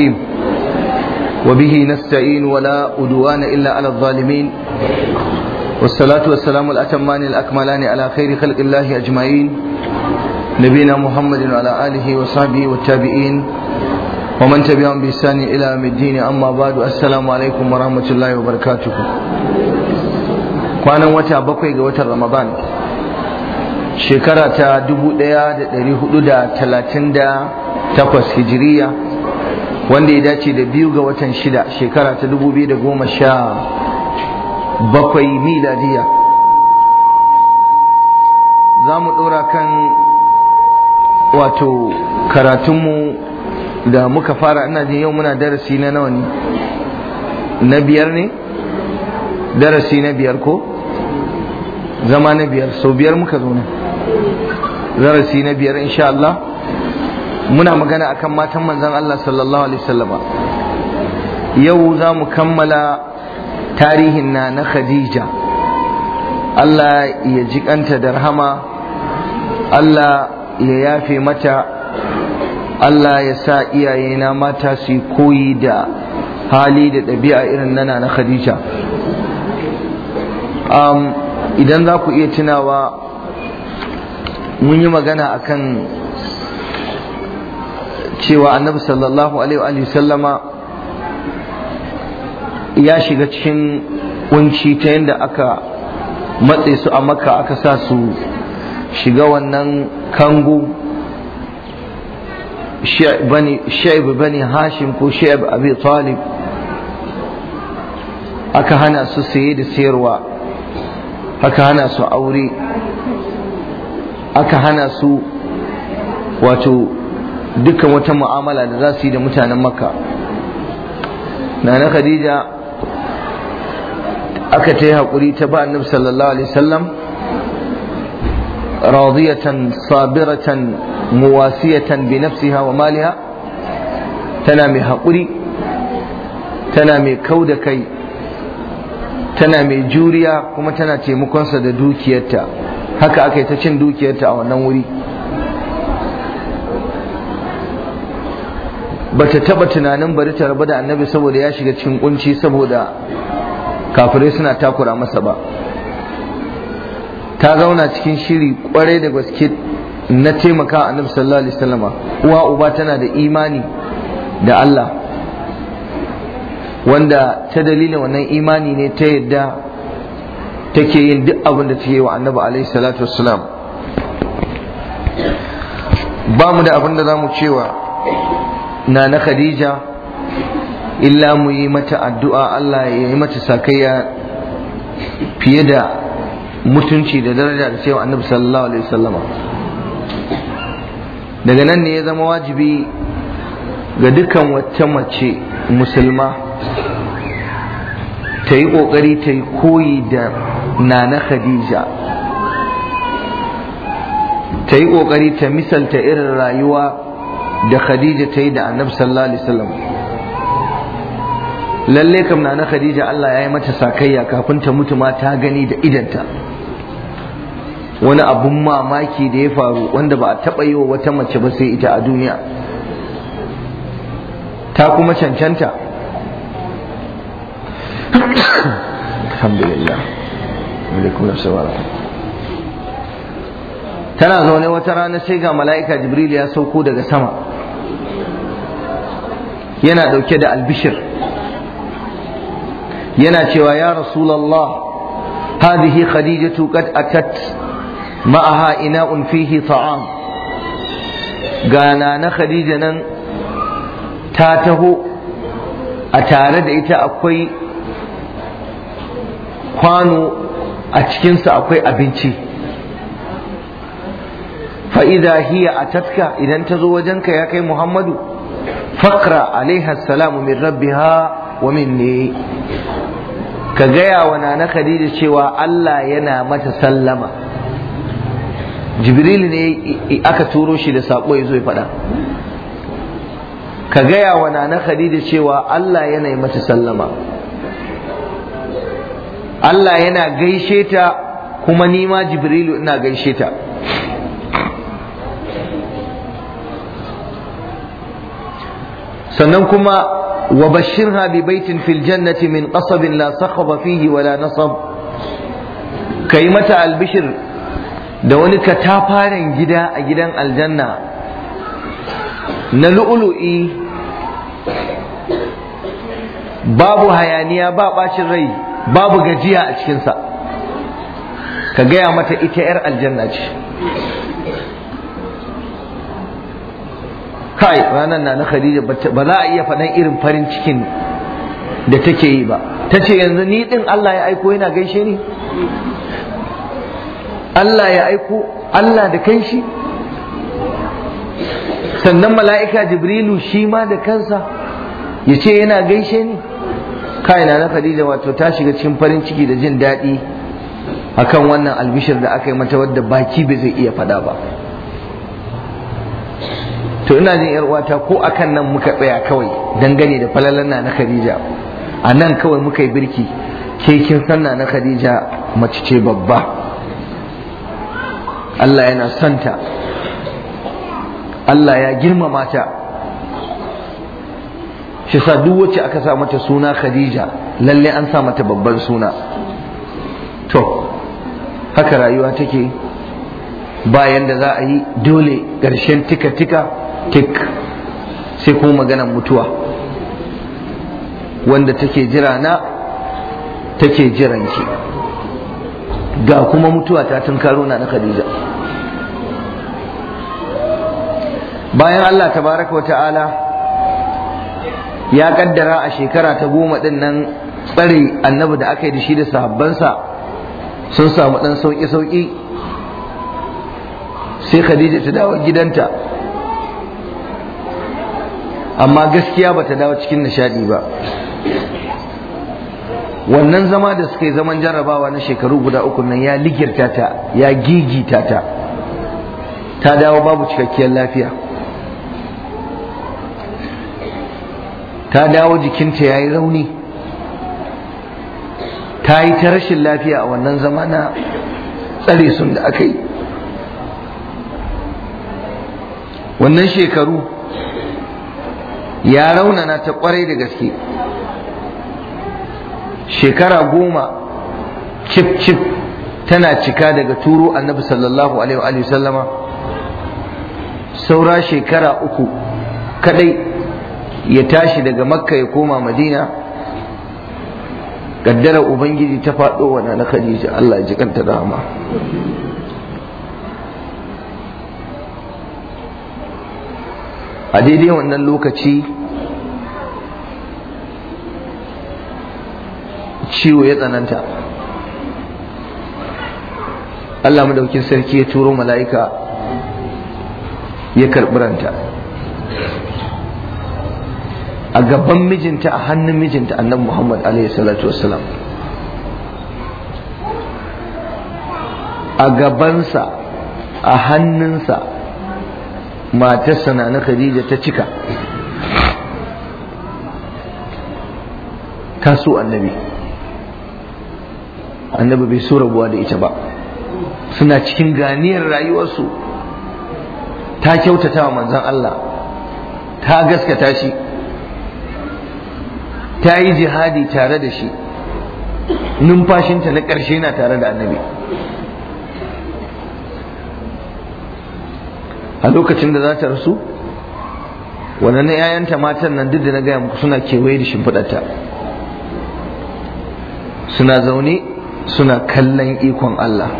الرحيم وبه نستعين ولا أدوان إلا على الظالمين والصلاة والسلام الأتمان الأكملان على خير خلق الله أجمعين نبينا محمد وعلى آله وصحبه والتابعين ومن تبعهم بإحسان إلى يوم الدين أما بعد السلام عليكم ورحمة الله وبركاته kwanan wata bakwai ga watan ramadan shekara ta 1438 hijiriya wanda ya dace da biyu ga watan shida shekara ta dubu biyu da goma sha bakwai miladiya za mu ɗora kan wato karatunmu da muka fara ina jin yau muna darasi na nawa ne na biyar ne darasi na biyar ko zama na biyar sau biyar muka zo ne darasi na biyar insha Allah muna magana akan matan manzon Allah sallallahu alaihi wasallama yau za mu kammala tarihin na na Khadija Allah ya jikanta da rahama Allah ya yafe mata Allah ya sa iyayena mata su koyi da hali da ɗabi'a irin nana na Khadija um, idan za ku iya tunawa mun yi magana akan cewa annabi sallallahu alaihi sallama ya shiga cikin kunci ta yadda aka matse su a maka aka sa su shiga wannan kango sha'ib bani hashim ko sha'ib abi talib aka hana su saye da sayarwa aka hana su aure aka hana su wato dukkan wata mu'amala da za su yi da mutanen makka na khadija aka ta yi haƙuri ta ba annabi sallallahu alaihi wasallam radiyatan sabiratan muwasiyatan bi nafsiha wa maliha tana mai haƙuri tana mai kau da kai tana mai juriya kuma tana taimakonsa da dukiyarta haka aka yi ta cin dukiyarta a wannan wuri bata taba tunanin bari ta rabu da annabi saboda ya shiga cikin kunci saboda kafirai suna takura masa ba ta zauna cikin shiri kwarai da gaske na taimaka annabi sallallahu alaihi wasallama uwa uba tana da imani da Allah wanda ta dalilin wannan imani ne ta yadda take yin duk abin da take yi wa annabi alaihi salatu wassalam ba mu da abin da za mu cewa na na khadija illa mu yi mata addu'a Allah ya yi mata sakayya fiye da mutunci da daraja da cewa annabi sallallahu alaihi wasallama daga nan ne ya zama wajibi ga dukkan wata mace musulma ta yi ƙoƙari ta yi koyi da nana khadija ta yi ƙoƙari ta misalta irin rayuwa da khadija ta yi da annabi sallallahu alaihi wasallam lalle kam na khadija Allah ya yi mata sakayya kafin ta mutu ma ta gani da idanta wani abun mamaki da ya faru wanda ba a taɓa yi wa wata mace ba sai ita a duniya ta kuma cancanta alhamdulillah tana zaune wata rana sai ga mala'ika jibril ya sauko daga sama yana ɗauke da albishir yana cewa ya rasulallah هذه khadijatu قد أتت معها إناء fihi طعام gana na Khadija nan ta taho a tare da ita akwai kwano a cikinsa akwai abinci fa'iza hiya a tatka idan ta zo wajenka ya kai muhammadu fakra alaiha salamu min rabbiha wa minni ka gaya wa nana khadija cewa Allah yana mata sallama jibril ne aka turo shi da sako ya zo ya faɗa ka gaya wa nana khadija cewa Allah yana mata sallama Allah yana gaishe ta kuma nima jibrilu ina gaishe ta sannan kuma wa bashirha bi baitin fil jannati min qasabin la sakhaba fihi wa nasab kai mata albishir da wani katafaren gida a gidan aljanna na lu'ulu'i babu hayaniya ba bacin rai babu gajiya a cikinsa ka gaya mata ita 'yar aljanna ce kai ranar na na khadija ba za a iya faɗan irin farin cikin da take yi ba ta ce yanzu ni ɗin Allah ya aiko yana gaishe ni Allah ya aiko Allah da kanshi sannan mala'ika jibrilu shi ma da kansa ya ce yana gaishe ni kai na na khadija wato ta shiga cikin farin ciki da jin daɗi akan wannan albishir da aka yi mata wadda baki bai zai iya faɗa ba to ina jin yar uwata ko akan nan muka tsaya kawai dangane da falalan na na Khadija a nan kawai muka yi birki ke kin san na na Khadija mace ce babba Allah yana santa Allah ya girmama ta shi sa duk wacce aka sa mata suna Khadija lalle an sa mata babban suna to haka rayuwa take bayan da za a yi dole ƙarshen tika-tika tik sai kuma maganar mutuwa wanda take jira na take jiran ki ga kuma mutuwa ta tunkaro na na Khadija bayan Allah tabaraka wa ta'ala ya kaddara a shekara ta goma din nan tsare annabi da aka yi da shi da sahabbansa sun samu ɗan sauki-sauki sai Khadija ta dawo gidanta amma gaskiya bata dawo cikin nishadi ba wannan zama da suka yi zaman jarrabawa na shekaru guda uku nan ya ligirta ta ya gigita ta ta dawo babu cikakkiyar lafiya ta dawo jikinta ya yi rauni ta yi ta rashin lafiya a wannan zama na tsare sun da aka yi wannan shekaru ya na ta kwarai da gaske shekara goma cif cif tana cika daga turo annabi sallallahu alaihi sallama saura shekara uku kadai ya tashi daga makka ya koma madina kaddara ubangiji ta faɗo wa na khadija Allah ya ji kanta rahama a daidai wannan lokaci ciwo ya tsananta Allah madaukin sarki ya turo mala'ika ya karɓi ranta a gaban mijinta a hannun mijinta annabi Muhammad alaihi salatu wasalam a gabansa a hannunsa matarsa na na khadija ta cika ta so annabi annabi bai so rabuwa da ita ba suna cikin ganiyar rayuwarsu ta kyautata wa manzan Allah ta gaskata shi ta yi jihadi tare da shi numfashinta na ƙarshe na tare da annabi a lokacin da za ta rasu na 'ya'yanta matan nan duk da na gaya muku suna kewaye da shimfiɗarta suna zaune suna kallon ikon Allah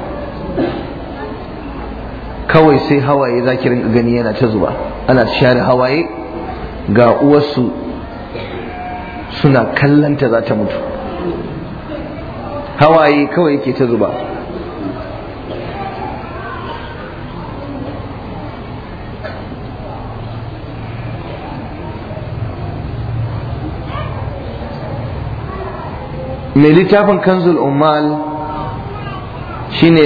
kawai sai hawaye za ki rinka gani yana ta zuba ana share hawaye ga uwarsu suna kallonta za ta mutu hawaye kawai yake ta zuba mai littafin kanzul umar shine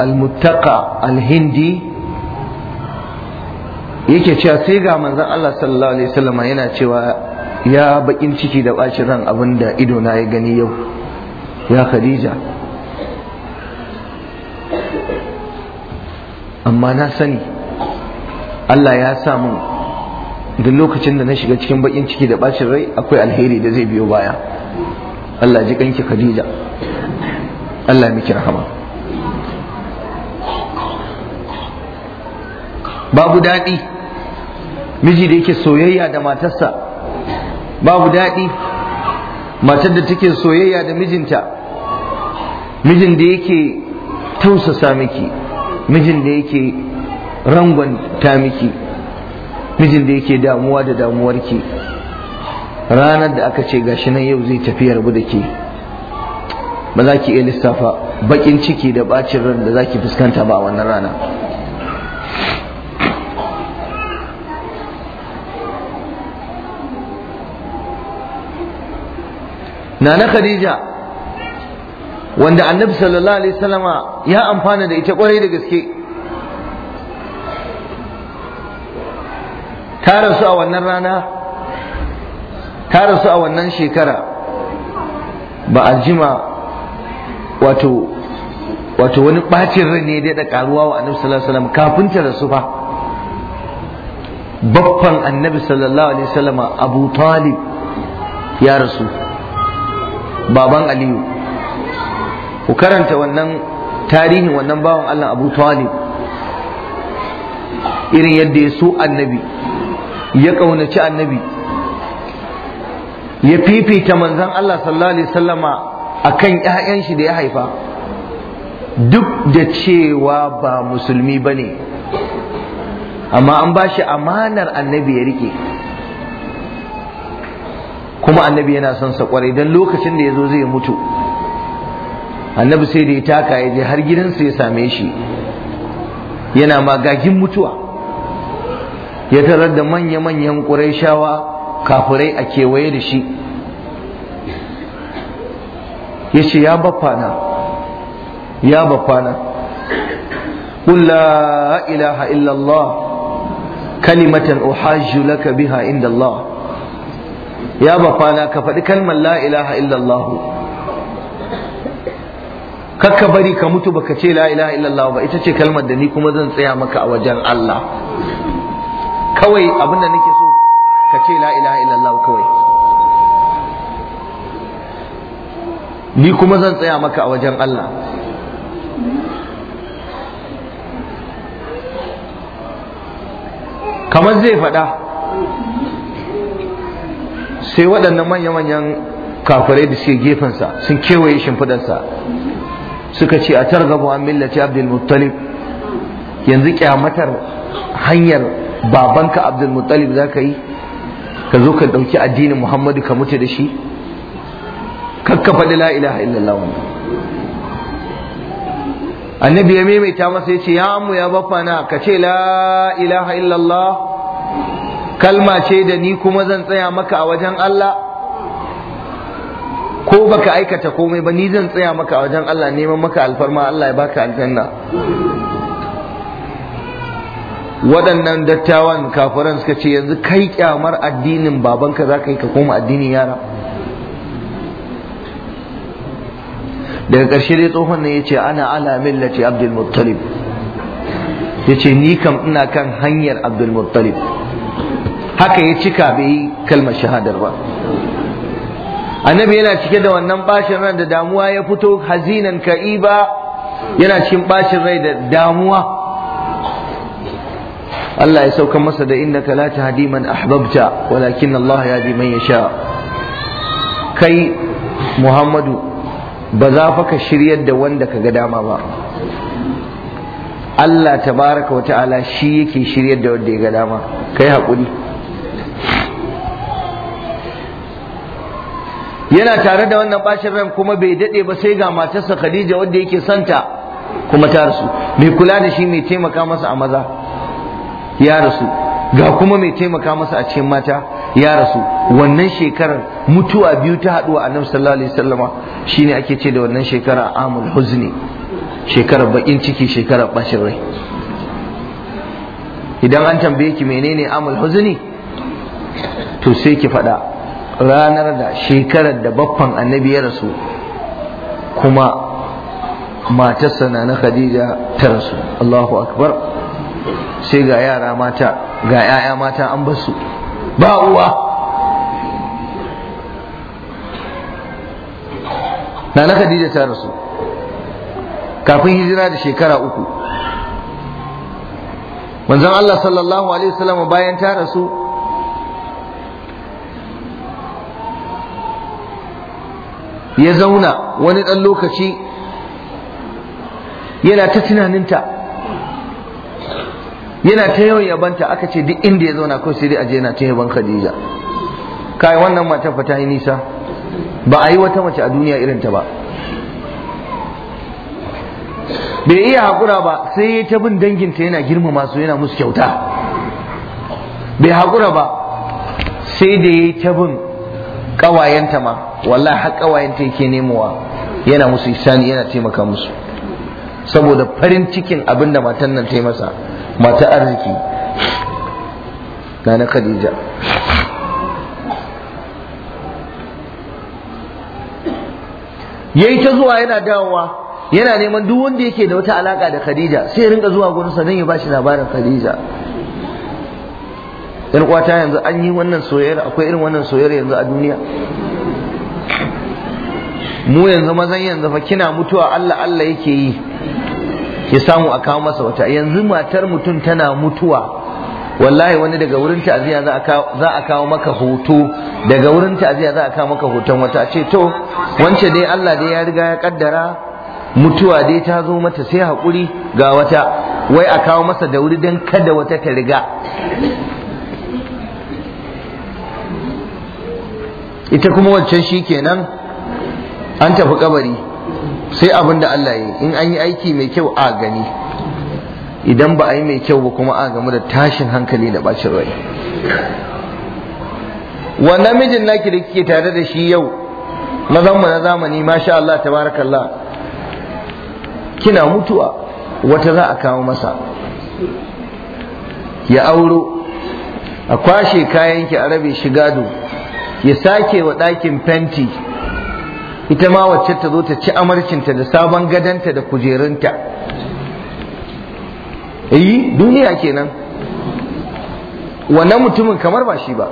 al-muttaqa al-hindi yake cewa sai ga manzon Allah sallallahu alaihi wasallam yana cewa ya bakin ciki da bacin ran abinda ido na ya gani yau ya khadija amma na sani Allah ya sa min, duk lokacin da na shiga cikin bakin ciki da bacin rai akwai alheri da zai biyo baya Allah ji kanki Khadija Allah miki rahama babu daɗi miji da yake soyayya da matarsa babu daɗi matar da take soyayya da mijinta mijin da yake tausasa miki mijin da yake rangon ta miki mijin da yake damuwa da damuwarki ranar da aka ce gashi nan yau zai tafi rabu da ke ba za ki iya lissafa bakin ciki da bacin ran da za ki fuskanta ba a wannan rana nana khadija wanda annabi sallallahu alaihi wasallama ya amfana da ita kwarai da gaske ta rasu a wannan rana ta rasu a wannan shekara ba a jima wato wato wani ɓacin rai ne da karuwa wa annabi sallallahu alaihi wasallam kafin ta rasu fa babban annabi sallallahu alaihi wasallam abu talib ya rasu baban aliyu ku karanta wannan tarihin wannan bawan allah abu talib irin yadda ya so annabi ya ƙaunaci annabi ya fifita manzan Allah sallallahu alaihi wasallama akan ƴaƴan shi da ya haifa duk da cewa ba musulmi bane amma an ba shi amanar annabi ya rike kuma annabi yana son sa kwarai don lokacin da ya zo zai mutu annabi sai da ya taka ya je har gidan su ya same shi yana magagin mutuwa ya tarar da manya-manyan shawa. kafirai a kewaye da shi ya ce ya bafana, ya bafana. قل لا illallah kalimatan الله كلمة أحاج لك بها عند الله يا بفانا كفر كلمة لا illallah. إلا kakka bari ka mutu baka ce la ilaha illallah ba ita ce kalmar da ni kuma zan tsaya maka a wajen Allah kawai abin da nake ka ce la ilaha illallah kawai ni kuma zan tsaya maka a wajen Allah kamar zai faɗa sai waɗannan manya-manyan kafirai da suke gefensa sun kewaye shimfiɗarsa suka ce a targabu an millaci abdulmuttalib yanzu kyamatar hanyar babanka abdulmuttalib za ka yi ka zo ka ɗauki addinin muhammadu ka mutu da shi kakka faɗi la ilaha illallah annabi ya maimaita masa ya ce ya mu ya bafana ka ce la ilaha illallah kalma ce da ni kuma zan tsaya maka a wajen Allah ko baka aikata komai ba ni zan tsaya maka a wajen Allah neman maka alfarma Allah ya baka aljanna waɗannan dattawan kafiran suka ce yanzu kai kyamar addinin babanka za ka yi ka koma addinin yara daga ƙarshe dai tsohon ne ya ce ana ala millati abdul muttalib ya ce ni kam ina kan hanyar abdul muttalib haka ya cika bai yi kalmar shahadar ba annabi yana cike da wannan bashin ran da damuwa ya fito hazinan ka'iba yana cikin bashin rai da damuwa Allah ya sauka masa da inda ka lati hadiman ahbabta walakin Allah yahdi man yasha kai Muhammadu ba za fa ka shiryar da wanda ka ga dama ba Allah tabaraka wa ta'ala shi yake shiryar da wanda ya ga dama kai hakuri yana tare da wannan bashin ran kuma bai dade ba sai ga matarsa Khadija wanda yake santa kuma ta rasu mai kula da shi mai taimaka masa a maza ya rasu ga kuma mai taimaka masa a cikin mata ya rasu wannan shekarar mutuwa biyu ta haɗuwa a annabi sallallahu alaihi wasallama shine ake ce da wannan shekara amul huzni shekarar bakin ciki shekarar bacin rai idan an tambaye ki menene amul huzni to sai ki faɗa ranar da shekarar da baffan annabi ya rasu kuma matarsa na na khadija ta rasu allahu akbar sai ga yara mata ga 'ya'ya mata an basu ba uwa na na khadija ta rasu kafin hijira da shekara uku manzon Allah sallallahu alaihi wasallam bayan ta rasu ya zauna wani ɗan lokaci yana ta tunaninta yana ta yawan yabanta aka ce duk inda ya zauna ko sai dai aje yana ta yaban Khadija kai wannan mata fata ta yi nisa ba a yi wata mace a duniya irin ta ba bai iya hakura ba sai ya ta bin danginta yana girmama su yana musu kyauta bai hakura ba sai da ya ta bin ƙawayenta ma wallahi har kawayenta yake nemowa yana musu isani yana taimaka musu saboda farin cikin abin da matan nan ta yi masa mata arziki na na khadija yayi ta zuwa yana dawowa yana neman duk wanda yake da wata alaka da khadija sai ya ringa zuwa gurinsa don ya shi labarin khadija yan kwata yanzu an yi wannan soyayyar akwai irin wannan soyayyar yanzu a duniya mu yanzu mazan yanzu fa kina mutuwa Allah Allah yake yi ya samu a kawo masa wata yanzu matar mutum tana mutuwa wallahi wani daga wurin ta'aziyya za a kawo maka hoto daga wurin ta'aziyya za a kawo maka hoton wata ce to wance dai Allah dai ya riga ya kaddara mutuwa dai ta zo mata sai hakuri ga wata wai a kawo masa da wuri don kada wata ta riga ita kuma wancan shi kenan an tafi kabari sai abin da Allah yi in an yi aiki mai kyau a gani idan ba a yi mai kyau ba kuma a gamu da tashin hankali da bacin rai wannan mijin naki da kike tare da shi yau na na zamani masha Allah tabarakallah kina mutuwa wata za a kawo masa ya auro a kwashe kayan ki a rabe shi gado ya sake wa ɗakin fenti ita ma wacce ta zo ta ci amarcinta da sabon gadanta da kujerunta yi duniya kenan wannan mutumin kamar ba shi ba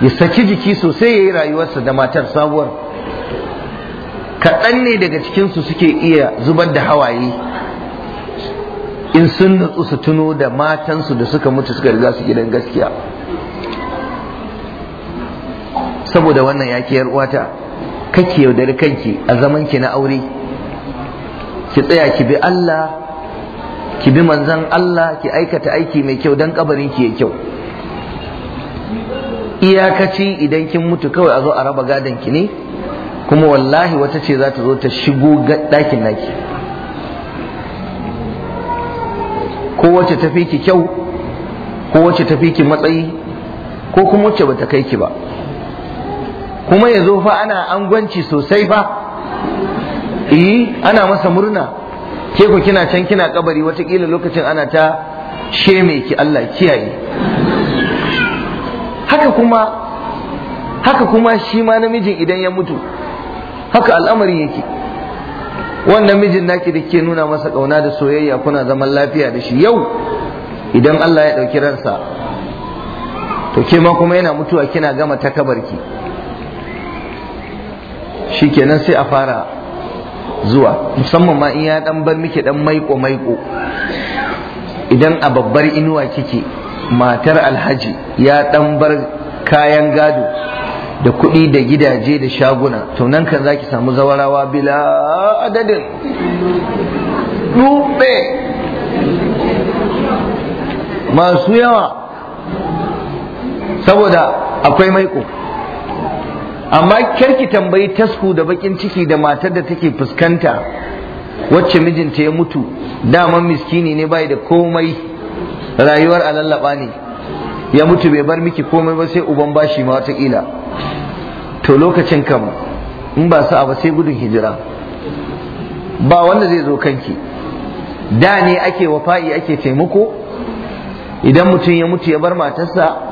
ya saki jiki sosai ya yi rayuwarsa da matar sabuwar kaɗan ne daga cikinsu suke iya zubar da hawaye in sun nutsu su tuno da matansu da suka mutu suka riga su gidan gaskiya saboda wannan yaki yar uwata kake yaudari kanki a zaman ki na aure ki tsaya ki bi Allah ki bi manzan Allah ki aikata aiki mai kyau dan kabarin ki yayi kyau iyakaci idan kin mutu kawai a zo a raba gadon ki ne kuma wallahi wata ce za ta zo ta shigo ɗakin naki ko wacce tafi ki kyau ko wacce tafi ki matsayi ko kuma wacce bata kai ki ba kuma ya zo fa ana angwanci sosai fa eh ana masa murna ke ku kina can kina kabari watakila lokacin ana ta sheme ki Allah kiyaye haka kuma haka kuma shi ma namijin idan ya mutu haka al'amari yake wannan mijin naki da ke nuna masa kauna da soyayya kuna zaman lafiya da shi yau idan Allah ya ɗauki ransa to ke ma kuma yana mutuwa kina gama takabarki shikenan sai a fara zuwa musamman ma in ya dan bar miki dan maiko maiko idan a babbar inuwa kike matar alhaji ya dan bar kayan gado da kuɗi da gidaje da shaguna to nan kan zaki samu zawarawa bila adadin dubbe masu yawa saboda akwai maiko amma karki tambayi tasku da bakin ciki da matar da take fuskanta wacce mijinta ya mutu daman miskini ne bai da komai rayuwar alallaba ne ya mutu bai bar miki komai ba sai uban bashi ma watakila to lokacin kam in ba sa'a ba sai gudun hijira ba wanda zai zo kanki da ne ake wafa'i ake taimako idan mutum ya mutu ya bar matarsa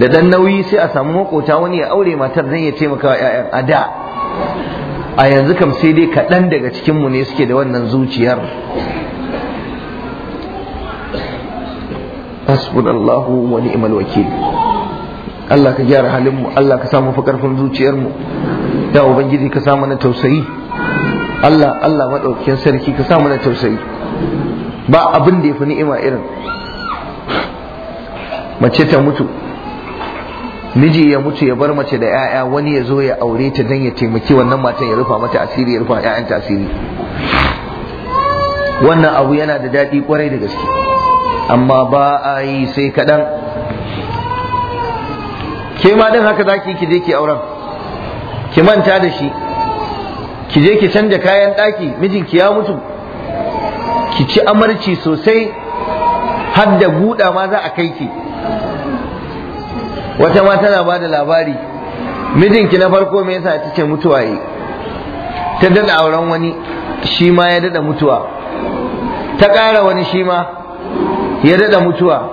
da dan nauyi sai a samu makota wani ya aure matar zai ya taimaka wa ƴaƴan a da a yanzu kam sai dai kaɗan daga cikin mu ne suke da wannan zuciyar hasbunallahu wa ni'mal wakil Allah ka gyara halin mu Allah ka samu fakarfin zuciyar mu ya ubangiji ka samu na tausayi Allah Allah madaukakin sarki ka samu na tausayi ba abin da yafi ni'ima irin mace ta mutu miji ya mutu ya bar mace da 'ya'ya wani ya zo ya aure ta don ya taimaki wannan matan ya rufa mata asiri ya rufa 'ya'yan asiri wannan abu yana da daɗi kwarai da gaske amma ba a yi sai kaɗan ke ma ɗin haka za ki je ki auren ki manta da shi ki je ki canja kayan ɗaki mijinki ya mutu ki ci amarci sosai har da guda ma za a kai ki wata ma tana ba da labari mijinki na farko me yasa kike mutuwa yi ta dada auren wani shi ma ya dada mutuwa ta ƙara wani shi ma ya dada mutuwa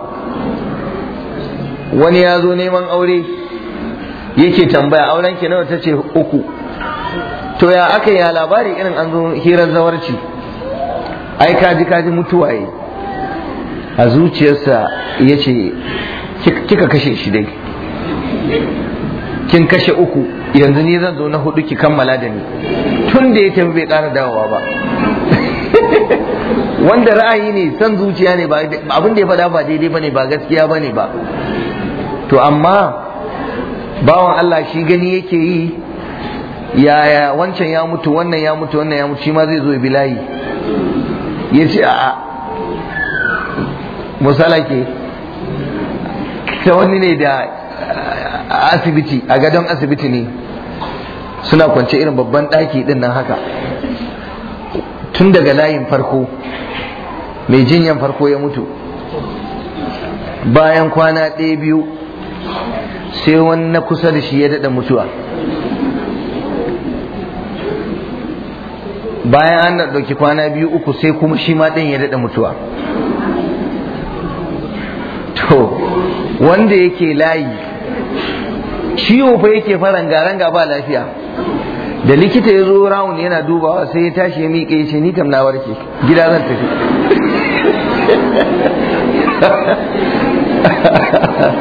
wani ya zo neman aure yake tambaya auren ki nawa ce uku to ya aka ya labari irin an zo hirar zawarci ai kaji kaji mutuwa yi a zuciyarsa ya ce kika kashe shi dai kin kashe uku yanzu ni zan zo na hudu ki kammala da ni tun da ya tafi bai ƙara dawowa ba wanda ra'ayi ne san zuciya ne abin da ya faɗa ba daidai bane ba gaskiya bane ba to amma bawan Allah shi gani yake yi yaya wancan ya mutu wannan ya mutu wannan ya mutu shi ma zai zo bilayi ya ce a'a musala ke ta wani ne da a asibiti a gadon asibiti ne suna kwance irin babban ɗaki ɗin nan haka tun daga layin farko mai jinyan farko ya mutu bayan kwana ɗaya biyu sai wani na kusa da shi ya daɗa mutuwa bayan an na ɗauki kwana biyu uku sai kuma shi ma ɗin ya daɗa mutuwa to wanda yake layi ciwo fa yake faran garanga ba lafiya da likita ya zo rawun yana dubawa sai ya tashi ya miƙe ya ce ni kam na warke gida zan tafi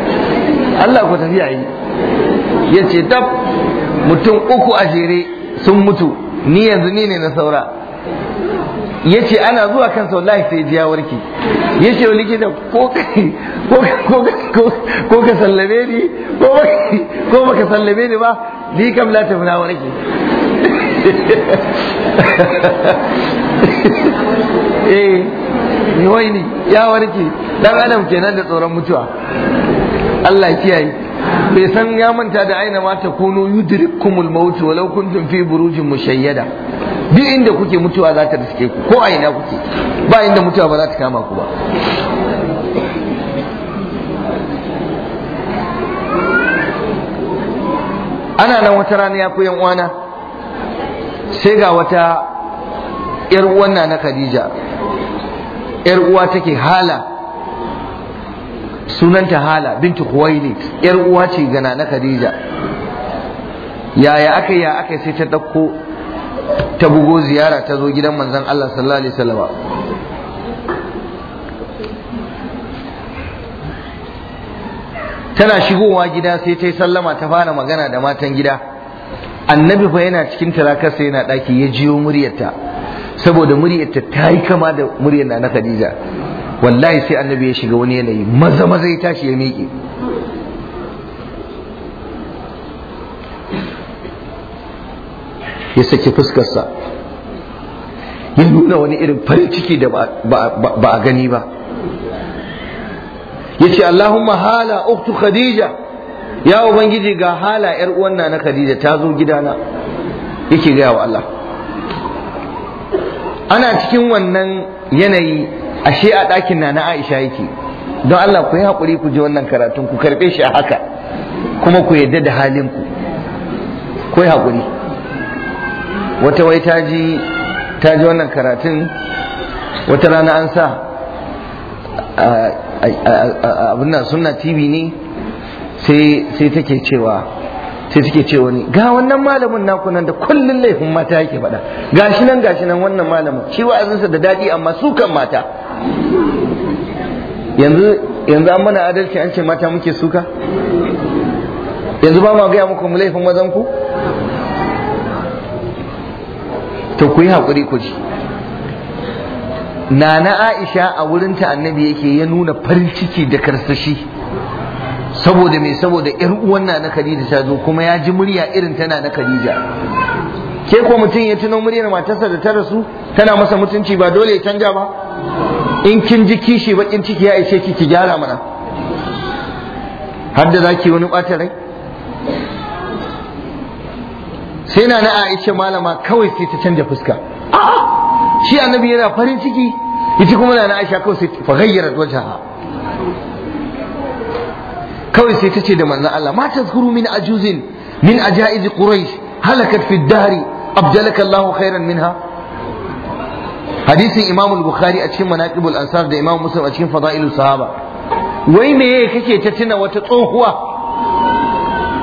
Allah ku tafi yi ya ce taf mutum uku a jere sun mutu ni yanzu ni ne na saura ya ce ana zuwa kansa wallahi sai ji ya warke ya ce wani likita ko ka sallame ni ko ba ka sallame ni ba ni kam la tafi na warke eh ni wai ni ya warke dan adam kenan da tsoron mutuwa Allah kiyaye bai san ya manta da aina ma ta kunu yudrikumul maut walau kuntum fi burujin mushayyada duk inda kuke mutuwa za ta riske ku ko a ina kuke ba inda mutuwa ba za ta kama ku ba ana nan wata rana ya ku uwana sai ga wata ‘yar uwanna na Khadija ‘yar uwa take hala sunanta hala binti Kuwailit ‘yar uwa ce gana na Khadija yaya aka ya aka sai ta ɗauko ta bugo ziyara ta zo gidan manzan Allah sallallahu alaihi wasallam tana shigowa gida sai ta yi sallama ta fara magana da matan gida annabi fa yana cikin talakarsa yana ɗaki ya jiyo muryarta saboda muryarta ta yi kama da muryar na Khadija wallahi sai annabi ya shiga wani yanayi maza maza ya tashi ya miƙe ya saki fuskarsa ya nuna wani irin farin ciki da ba a gani ba ya ce Allahumma hala uktu khadija ya ubangiji ga hala yar uwan na khadija ta zo gidana yake gaya wa Allah ana cikin wannan yanayi ashe a ɗakin na na Aisha yake don Allah ku yi haƙuri ku ji wannan karatun ku karɓe shi a haka kuma ku yarda da halin ku ku yi haƙuri wata wai ta ji wannan karatun wata rana an sa abin nan sunna tv ne sai take cewa sai take cewa ne ga wannan malamin naku nan da kullum laifin mata yake faɗa gashi nan gashi nan wannan malamin shi wa'azinsa da daɗi amma su kan mata yanzu yanzu an mana adalci an ce mata muke suka yanzu ba ma gaya muku laifin mazan ku to ku yi haƙuri ku ji nana aisha a wurin ta annabi yake ya nuna farin ciki da karsashi saboda mai saboda yar uwan na khadija ta zo kuma ya ji murya irin tana na khadija ke ko mutum ya tuno muryar matarsa da ta rasu tana masa mutunci ba dole ya canja ba in kin ji kishi bakin ciki ya ishe ki ki gyara mana har da zaki wani ɓata sai na na Aisha malama kawai sai ta canja fuska shi annabi yana farin ciki ita kuma na na Aisha kawai sai ta gayyara wajha kawai sai ta ce da manzon Allah ma tazkuru min ajuzin min ajaiz quraish halakat fi dahri abdalaka Allah khairan minha hadisin Imam al-Bukhari a cikin Manaqibul Ansar da Imam Muslim a cikin Fadailus Sahaba wai meye kake ta tuna wata tsohuwa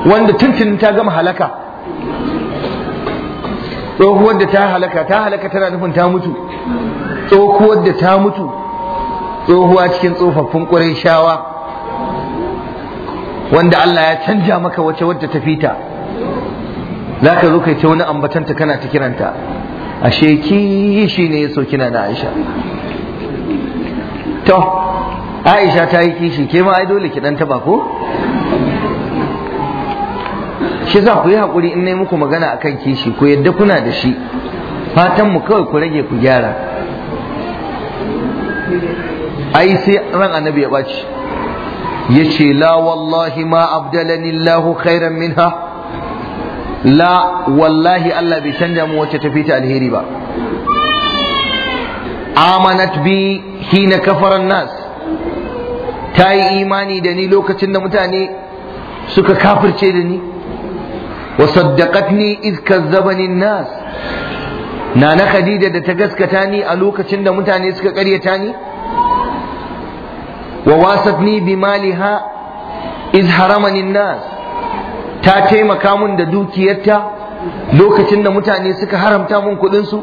wanda tuntun ta gama halaka tsohuwar da ta halaka ta halaka tana nufin ta mutu tsohuwar da ta mutu tsohuwa cikin tsofaffin ƙurai shawa wanda Allah ya canja maka wace wadda ta fita za ka zo kai ta wani ambatanta kana ta kiranta a ki shi ne ya so kina da Aisha to Aisha ta yi kishi ke ma ai dole ki dan taba ko shi za ku yi haƙuri in na muku magana akan kishi ku yadda kuna da shi fatan mu kawai ku rage ku gyara ai sai ran annabi ya ɓaci ya ce la wallahi ma abdalani lahu khairan minha la wallahi Allah bai canja mu wacce ta ta alheri ba amanat bi hina kafaran nas ta yi imani da ni lokacin da mutane suka kafirce da ni وصدقتني إذ كذبني الناس نانا خديجة دا تغسكتاني ألوك چند متاني اسك قريتاني وواسطني بمالها إذ حرمني الناس ta taimaka mun da dukiyarta lokacin da mutane suka haramta mun kuɗinsu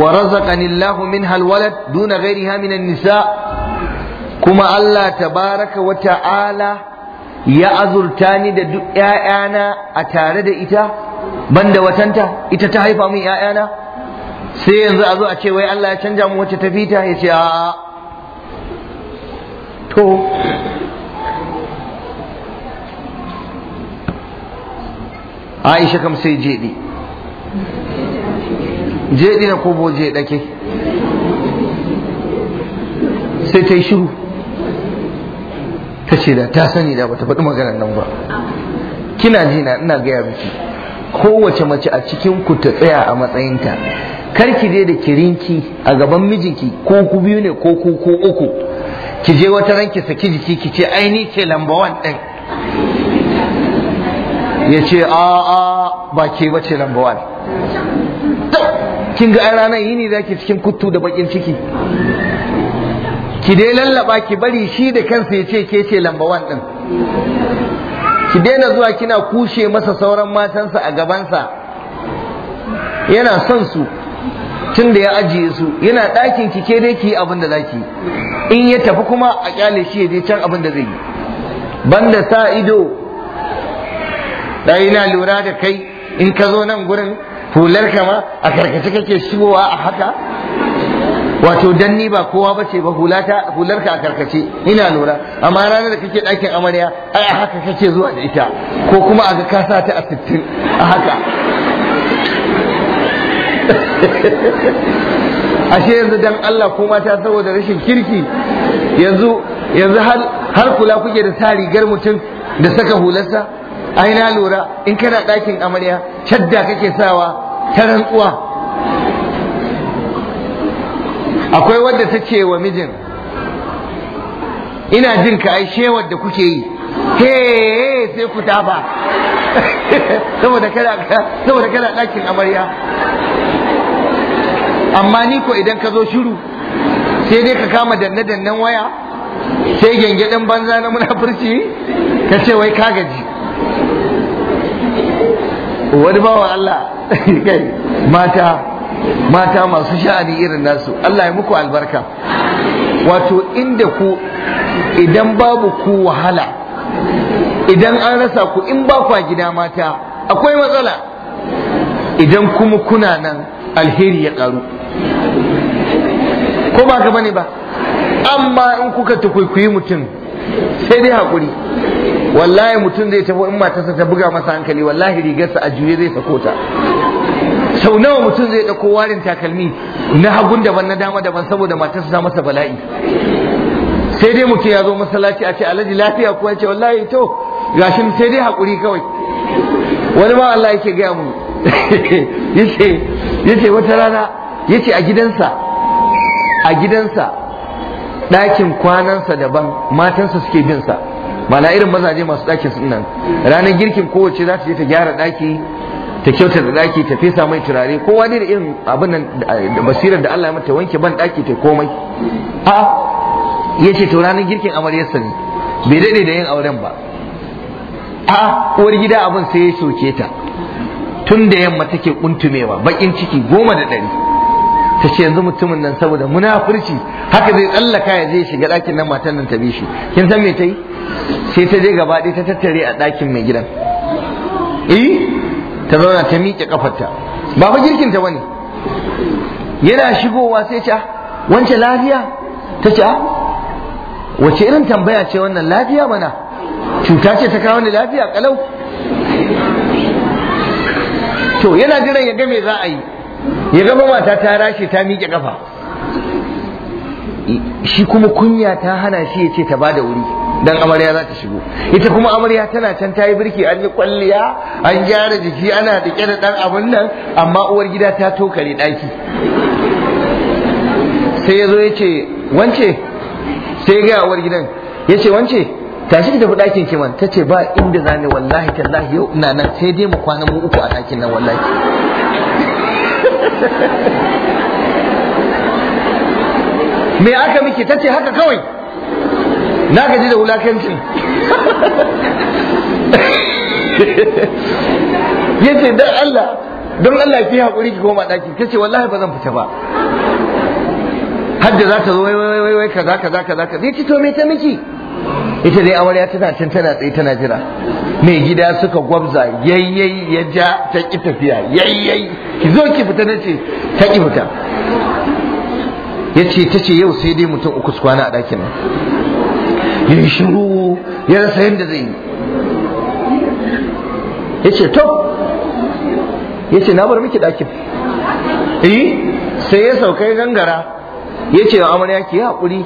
wa razaqanillahu min halwalad duna gairi minan nisa kuma Allah tabaraka wa ta'ala ya azurta ni da duk ‘ya'yana a tare da ita banda watanta ita ta haifa min ‘ya'yana sai yanzu a zo a ce wai Allah ya canja mu wacce ta fita ya ce a to Aisha kam sai jeɗi jeɗi na kobo jeɗake sai ta yi shiru ta ce da ta sani da bata faɗi maganar nan ba kina ji na ina gaya miki kowace mace a cikin ku ta tsaya a matsayinta kar ki je da kirinki a gaban mijinki ko ku biyu ne ko ku ko uku ki je wata ranki saki jiki ki ce ai ni ce lamba 1 din ya ce a a ba ke ba ce lamba wan kin ga ranar yini zaki cikin kuttu da bakin ciki ki dai lallaba ki bari shi da kansa ya ce ke ce lambawan ɗin ki daina zuwa kina kushe masa sauran matansa a gabansa yana son su tun da ya ajiye su yana ɗakin ki ke dai ki yi abin da zaki in ya tafi kuma a kyale shi ya je can abin da zai yi banda sa ido ɗaya na lura da kai in ka zo nan gurin hular kama a karkace kake shigowa a haka wato dan ni ba kowa bace ba hulata hularka a karkace ina lura amma ranar da kake ɗakin amarya ai a haka kake zuwa da ita ko kuma a ga ka sa ta a sittin a haka ashe yanzu dan Allah ko mata saboda rashin kirki yanzu yanzu har har kula kuke da sa rigar mutum da saka hularsa ai na lura in kana ɗakin amarya shadda kake sawa ta rantsuwa akwai wadda ta ce wa mijin ina jin ka ai shewar da kuke yi he sai ku tafa saboda kana ɗakin amarya amma ni ko idan ka zo shiru sai dai ka kama danne-dannen waya sai gyangyaɗin banza na munafurci ka ce wai ka gaji wani bawa Allah mata mata masu sha'ani irin nasu Allah ya muku albarka wato inda ku idan babu ku wahala idan an rasa ku in ba a gida mata akwai matsala idan kuma kuna nan alheri ya karu ko ba ka bane ba amma in kuka tukwaikwayi mutum sai dai haƙuri wallahi mutum zai tafi in matarsa ta buga masa hankali wallahi rigarsa a juye zai sako ta sau nawa mutum zai ɗauko warin takalmi na hagun daban na dama daban saboda matarsa ta masa bala'i sai dai mutum ya zo masallaci a ce alhaji lafiya kuwa ce wallahi to gashin sai dai haƙuri kawai wani ma Allah yake gaya mu Ya yace wata rana yace a gidansa a gidansa ɗakin kwanansa daban matansa suke bin sa mana irin mazaje masu ɗakin sun nan ranar girkin kowace za ta je ta gyara ɗaki ta kyauta da daki ta fesa mai turare kowa ne da irin abin nan basirar da Allah ya mata wanke ban daki ta komai a ya ce to ranar girkin amaryarsa ne bai daɗe da yin auren ba a uwar gida abin sai ya soke ta tun da yamma take kuntumewa bakin ciki goma da ɗari ta ce yanzu mutumin nan saboda munafurci haka zai tsallaka ya zai shiga ɗakin nan matan nan ta bi shi kin san me ta yi sai ta je gaba ɗaya ta tattare a ɗakin mai gidan eh ta zauna ta miƙe kafarta ba fa girkin ta bane yana shigowa sai ce ah, wance lafiya ta ce ah, wace irin tambaya ce wannan lafiya mana cuta ce ta kawo ni lafiya kalau to yana jiran ya ga me za a yi ya gama mata ta rashe ta miƙe kafa shi kuma kunya ta hana shi ya ce ta bada wuri dan amarya za ta shigo ita kuma amarya tana can ta yi birki an yi kwalliya an gyara jiki ana da da dan abun nan amma uwar gida ta tokare daki sai ya zo ya ce wance sai ya gaya uwar gidan ya ce wance tashi ki tafi ɗakin ki man ta ce ba inda za ne wallahi tallahi yau ina nan sai dai mu kwana mu uku a ɗakin nan wallahi me aka miki ta ce haka kawai na gaji da wulakancin ya ce don Allah don Allah fi haƙuri ki koma ɗaki ta ce wallahi ba zan fita ba hajji za ta zo wai wai wai kaza kaza kaza za ka ce to me ta miki ita dai amarya tana can tana tsaye tana jira mai gida suka gwabza yayyai ya ja ta ki tafiya yayyai ki zo ki fita nace ta ki fita Ya ce ta ce yau sai dai mutum uku su kwana a ɗakin nan ya yi shiru ya rasa yadda zai yi ya ce to ya ce na bar miki ɗakin eh sai ya saukai gangara ya ce wa amarya ki haƙuri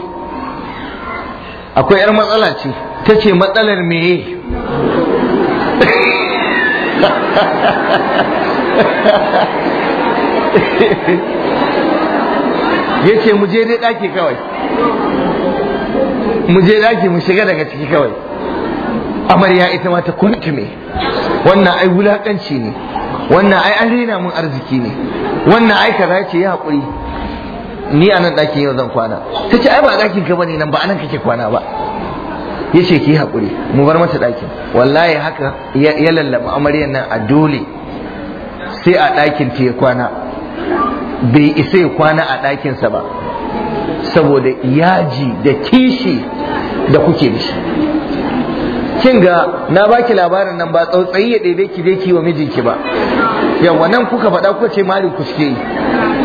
akwai 'yar matsala ce ta ce matsalar meye ya ce mu je dai ɗaki kawai mu je daki mu shiga daga ciki kawai amarya ita ma ta me. wannan ai wulakanci ne wannan ai an rena mun arziki ne wannan ai kaza ce ya hakuri, ni a nan ɗakin yau zan kwana ta ce ai ba ɗakin ka bane nan ba anan kake kwana ba ya ce ki haƙuri mu bar mata ɗakin wallahi haka ya lallaba amaryan nan a dole sai a ɗakin ta ya kwana bai isa ya kwana a ɗakinsa ba saboda yaji da kishi da kuke da shi kin ga na baki labarin nan ba tsautsayi ya ɗebe ki dai kiwa mijinki ba yawa nan kuka faɗa kuka ce mari kuske yi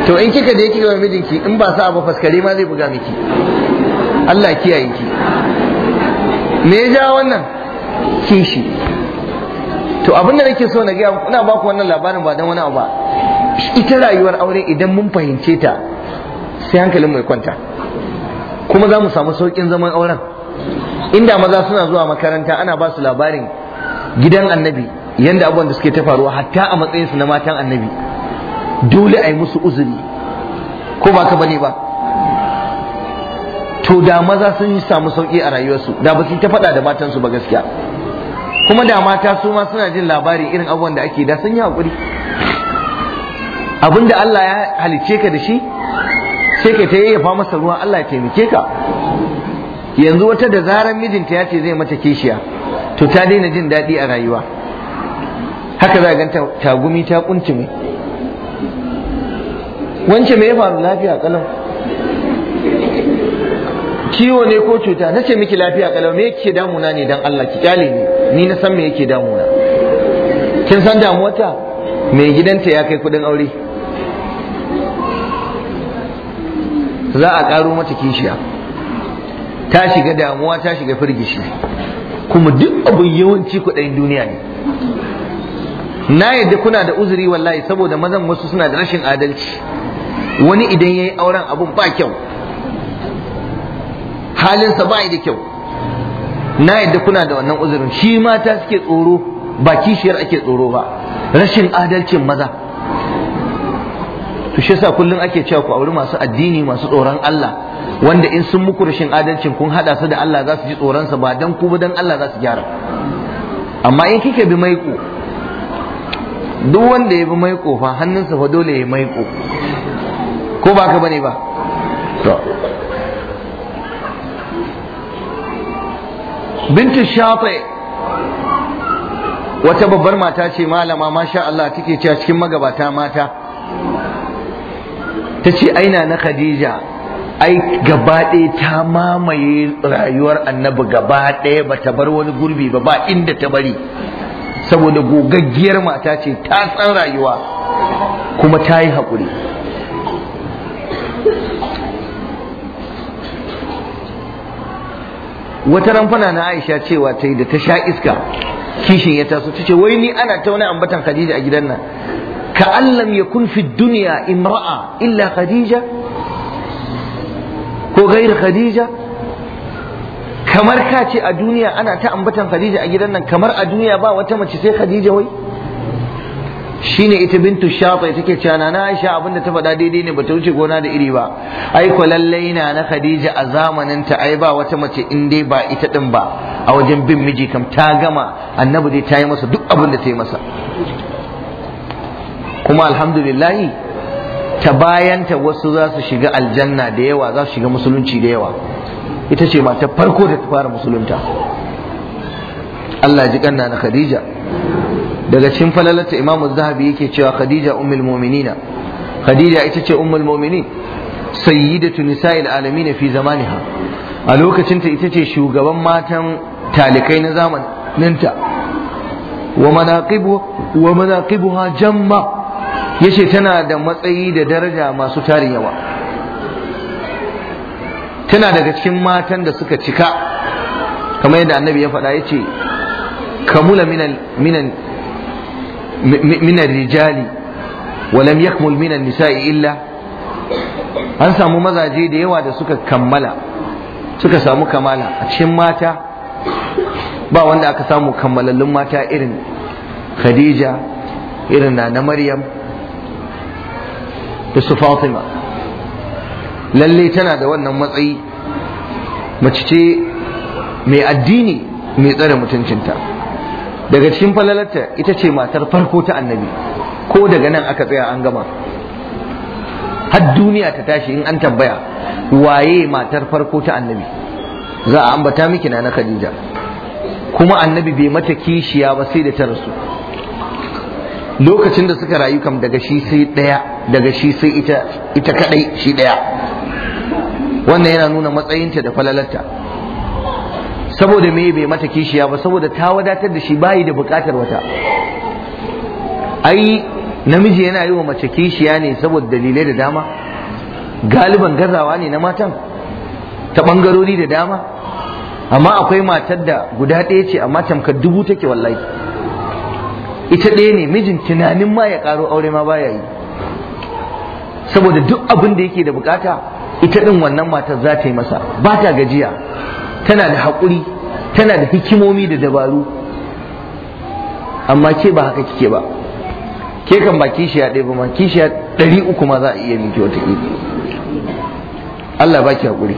to in kika dai kiwa mijinki in ba sa ba faskare ma zai buga miki Allah kiyaye ki me ya ja wannan kishi to abin da nake so na gaya ina baku wannan labarin ba dan wani abu ba ita rayuwar aure idan mun fahimce ta sai hankalin mai kwanta kuma za mu samu saukin zaman auren inda maza suna zuwa makaranta ana ba su labarin gidan annabi yadda abubuwan da suke ta faruwa hatta a matsayin su na matan annabi dole a yi musu uzuri ko ba ka bane ba to da maza sun yi samu sauki a rayuwarsu da ba su ta faɗa da matansu ba gaskiya kuma da mata su ma suna jin labari irin abubuwan da ake da sun yi haƙuri abinda Allah ya halice ka da shi sai ka ta yayyafa masa ruwa Allah ya taimake ka yanzu wata da zarar mijinta ya ce zai mata kishiya to ta daina jin daɗi a rayuwa haka za a ganta tagumi ta mai. wance mai ya faru lafiya kalau ciwo ne ko cuta na ce miki lafiya kalau me yake damuna ne dan Allah ki kyale ni ni na san me yake damuna kin san damuwata mai gidanta ya kai kudin aure za a ƙaro mata kishiya ta shiga damuwa ta shiga firgishi kuma duk abin yawanci kuɗin duniya ne na yadda kuna da uzuri wallahi saboda mazan wasu suna da rashin adalci wani idan ya yi auren abun ba kyau halinsa ba da kyau na yadda kuna da wannan uzurin shi mata suke tsoro ba kishiyar ake tsoro ba rashin adalcin maza to shi yasa kullum ake cewa ku auri masu addini masu tsoron Allah wanda in sun muku rashin adalcin kun hada su da Allah za su ji tsoron sa ba dan ku ba dan Allah za su gyara amma in kike bi maiko duk wanda ya bi maiko fa hannunsa fa dole ya maiko ko ba ka bane ba bintu shafi wata babbar mata ce malama masha Allah take cewa cikin magabata mata ta ce aina na khadija ai gaba ɗaya ta mamaye rayuwar annabi gaba ɗaya ba ta bar wani gurbi ba ba inda ta bari saboda gogaggiyar mata ce ta san rayuwa kuma ta yi haƙuri wata ramfana na aisha cewa ta yi da ta sha iska kishin ya taso ta ce wai ni ana ta wani ambatan khadija a gidan nan ka'an lam yakun fi dunya imra'a illa khadija ko gair khadija kamar ka ce a duniya ana ta ambatan khadija a gidan nan kamar a duniya ba wata mace sai khadija wai shine ita bintu shafa take cewa na Aisha abinda ta faɗa daidai ne bata wuce gona da iri ba ai ko lallai na na Khadija a zamanin ta ai ba wata mace in dai ba ita din ba a wajen bin miji kam ta gama annabi dai ta yi masa duk abin da ta yi masa kuma alhamdulillahi ta bayanta wasu za su shiga aljanna da yawa za su shiga musulunci da yawa ita ce mata farko da ta fara musulunta Allah ji kanna na Khadija daga cikin falalarta Imam Zahabi yake cewa Khadija ummul mu'minina Khadija ita ce ummul mu'minin sayyidatu nisa'il alamin fi zamaniha a lokacinta ita ce shugaban matan talikai na zamaninta wa manaqibu wa manaqibuha jamma yace tana da matsayi da daraja masu tarin yawa tana daga cikin matan da suka cika kamar yadda annabi ya faɗa yace kamula minan rijali wa yakmul minan nisa'i illa an samu mazaje da yawa da suka kammala suka samu kamala a cikin mata ba wanda aka samu kammalallun mata irin khadija irin na na maryam da su fatima lalle tana da wannan matsayi mace ce mai addini mai tsare mutuncinta daga cikin falalarta ita ce matar farko ta annabi ko daga nan aka tsaya an gama har duniya ta tashi in an tambaya waye matar farko ta annabi za a ambata miki na na khadija kuma annabi bai mata kishiya ba sai da ta rasu lokacin da suka rayu kam daga shi sai ɗaya daga shi sai ita ita kadai shi ɗaya wannan yana nuna matsayinta da falalarta saboda me bai mata kishiya ba saboda ta wadatar da shi bayi da buƙatar wata ai namiji yana yi wa mace kishiya ne saboda dalilai da dama galiban gazawa ne na matan ta bangarori da dama amma akwai matar da guda ɗaya ce amma tamkar dubu take wallahi ita ɗaya ne mijin tunanin ma ya ƙaro aure ma baya yi saboda duk abin da yake da bukata ita ɗin wannan matar za ta yi masa ba ta gajiya tana da haƙuri tana da hikimomi da dabaru amma ke ba haka kike ba ke kan ba kishiya ɗaya ba ma kishiya ɗari uku ma za a iya miki wata iri. Allah ba ki haƙuri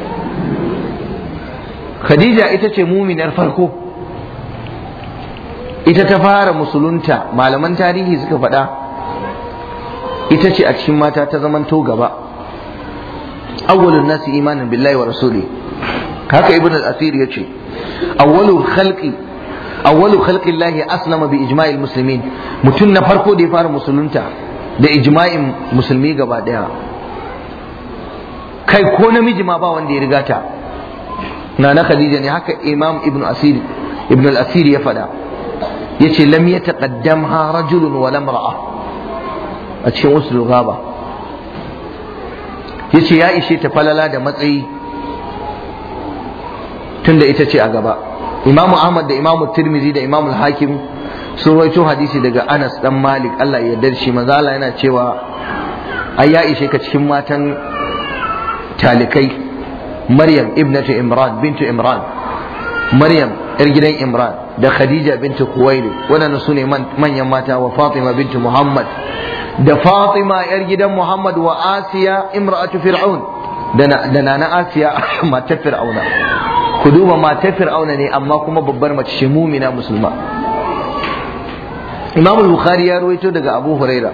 Khadija ita ce muminar farko ita ta fara musulunta malaman tarihi suka faɗa ita ce a cikin mata ta zamanto gaba awwalun nasi imanin billahi wa rasuli haka ibn al-asir yace awwalul khalqi awwalu khalqi llahi aslama bi ijma'il muslimin mutum na farko da ya fara musulunta da ijma'in musulmi gaba daya kai ko namiji ma ba wanda ya riga ta na na khadija ne haka imam ibn asir ibn al-asir ya faɗa yace lam ha rajulun wa lam ra'a a cikin usul ghaba yace ya ishe ta falala da matsayi tunda ita ce a gaba imamu ahmad da imamu tirmizi da imamu hakim sun rawaito hadisi daga anas dan malik Allah ya yarda shi manzo Allah yana cewa ai ya ishe ka cikin matan talikai maryam ibnatu imran bintu imran maryam yar gidan imran da Khadija binti Kuwaili waɗannan su manyan mata wa Fatima binti Muhammad da Fatima yar gidan Muhammad wa Asiya imra'atu Fir'aun da nana Asiya matar Fir'auna ku duba matar Fir'auna ne amma kuma babbar mace ce mumina musulma Imam Bukhari ya ruwaito daga Abu Huraira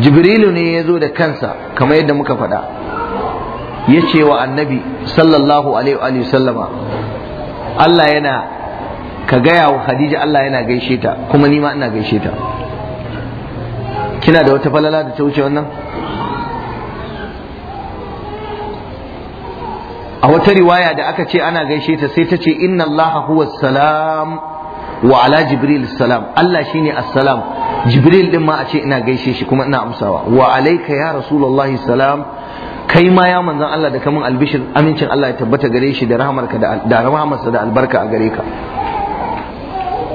Jibrilu ne ya zo da kansa kamar yadda muka faɗa ya ce wa annabi sallallahu alaihi wa sallama Allah yana ka gaya wa Khadija Allah yana gaishe ta kuma ni ma ina gaishe ta kina da wata falala da ta wuce wannan a wata riwaya da aka ce ana gaishe ta sai ta ce inna Allah huwa salam wa ala jibril salam Allah shine assalam jibril din ma a ce ina gaishe shi kuma ina amsawa wa alayka ya rasulullahi salam kai ma ya manzan Allah da kamun albishir amincin Allah ya tabbata gare shi da rahamarka da rahamarsa da albarka a gare ka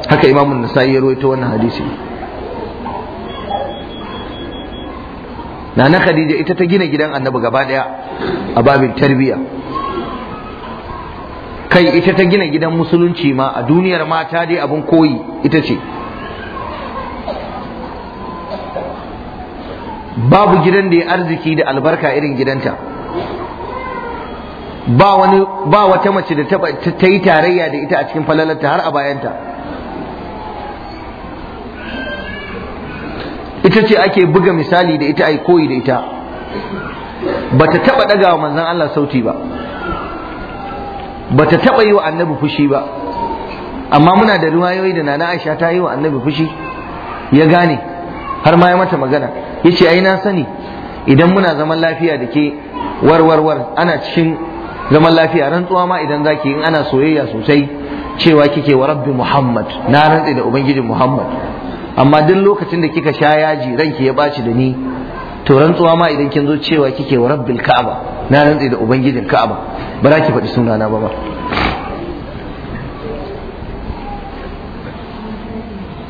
haka imamun nasa'i ya rawaito wannan hadisi nana khadija ita ta gina gidan annabi gaba daya a babin tarbiyya kai ita ta gina gidan musulunci ma a duniyar mata dai abin koyi ita ce babu gidan da ya arziki da albarka irin gidanta ba wani ba wata mace da ta yi tarayya da ita a cikin falalarta har a bayanta ita ce ake buga misali da ita a koyi da ita ba ta taɓa ɗaga wa manzan Allah sauti ba ba ta taɓa yi wa annabi fushi ba amma muna da ruwayoyi da nana aisha ta yi wa annabi fushi ya gane har ma ya mata magana yace ai na sani idan muna zaman lafiya da ke warwarwar ana cikin zaman lafiya rantsuwa ma idan zaki in ana soyayya sosai cewa kike wa rabbi muhammad na rantse da ubangijin muhammad amma duk lokacin da kika sha yaji ranki ya baci da ni to rantsuwa ma idan kin zo cewa kike wa rabbi ka'aba na rantse da ubangijin ka'aba ba za ki faɗi sunana ba ba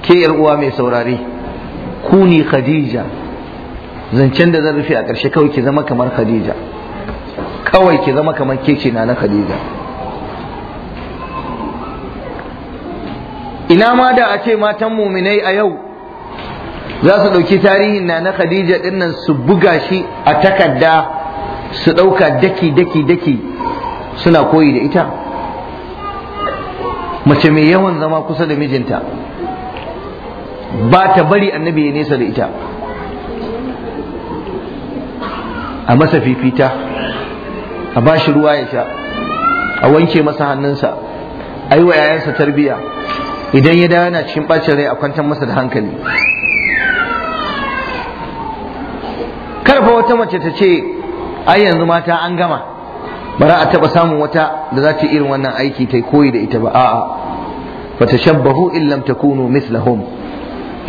ke yar uwa mai saurare kuni khadija zancen da zan rufe a ƙarshe kawai ki zama kamar khadija kawai ki zama kamar kece na na khadija ina ma da a ce matan muminai a yau za su ɗauki tarihin na na khadija ɗinnan su buga shi a takarda su ɗauka daki daki daki suna koyi da ita mace mai yawan zama kusa da mijinta ba ta bari annabi ya nesa da ita a masa fifita a ba shi ruwa ya sha a wanke masa hannunsa a yi wa yayansa tarbiya idan ya dawo yana cikin ɓacin rai a kwantar masa da hankali karfa wata mace ta ce ai yanzu mata an gama bara a taɓa samun wata da za ta irin wannan aiki ta koyi da ita ba a'a shabbahu in lam takunu mislahum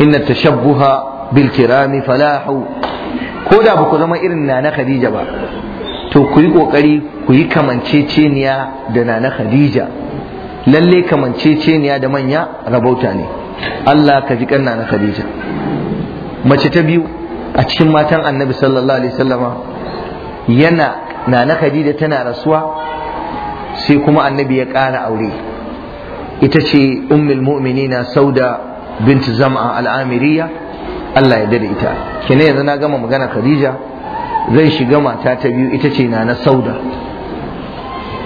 inna tashabbuha bilkirami falahu ko da ba ku zama irin nana khadija ba to ku yi kuyi ku yi kamanceceniya da nana khadija lalle kamanceceniya da manya rabauta ne Allah ka ji kan nana khadija mace ta biyu a cikin matan annabi sallallahu alaihi wasallama yana nana khadija tana rasuwa sai kuma annabi ya ƙara aure ita ce ummul mu'minina sauda bint zam'a al'amiriya Allah ya dade ita kene yanzu na gama magana Khadija zai shiga mata ta biyu ita ce na na Sauda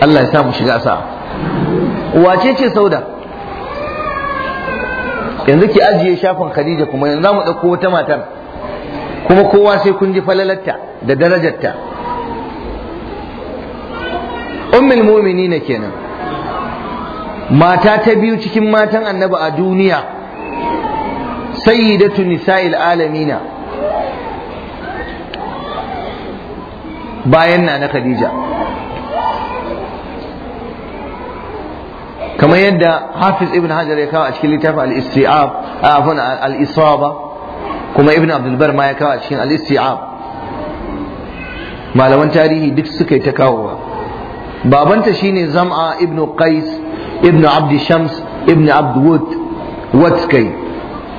Allah ya sa mu shiga sa wace ce Sauda yanzu ki ajiye shafin Khadija kuma yanzu mu dauko wata matar kuma kowa sai kun ji falalarta da darajarta ummul mu'minina kenan mata ta biyu cikin matan annabi a duniya sayyidatu nisa'il alamina bayan na na khadija kamar yadda hafiz ibn hajar ya kawo a cikin littafin al-istiab afwan al-isaba kuma ibn abdul ma ya kawo a cikin al-istiab malaman tarihi duk suka yi ta kawowa babanta shine zam'a ibn qais ibn shams ibn abd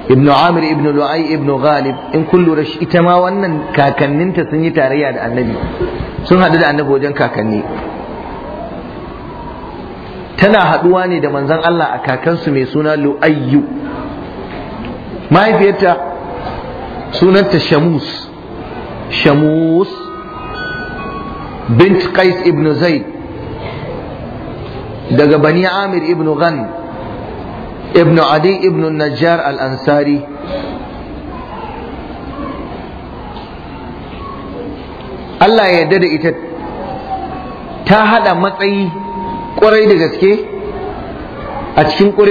ibnu amir ibnu lu'ai ibnu ghalib in kullu rash ita ma wannan kakanninta sun yi tarayya da annabi sun haɗu da annabi wajen kakanni tana haɗuwa ne da manzon Allah a kakansu mai suna lu'ayyu mahaifiyarta sunanta shamus shamus bint qais ibnu zaid daga bani amir ibnu ghalib Ibnu Ali, ibn najjar al-ansari Allah ya yarda da ita ta haɗa matsayi ƙwarai da gaske a cikin kuma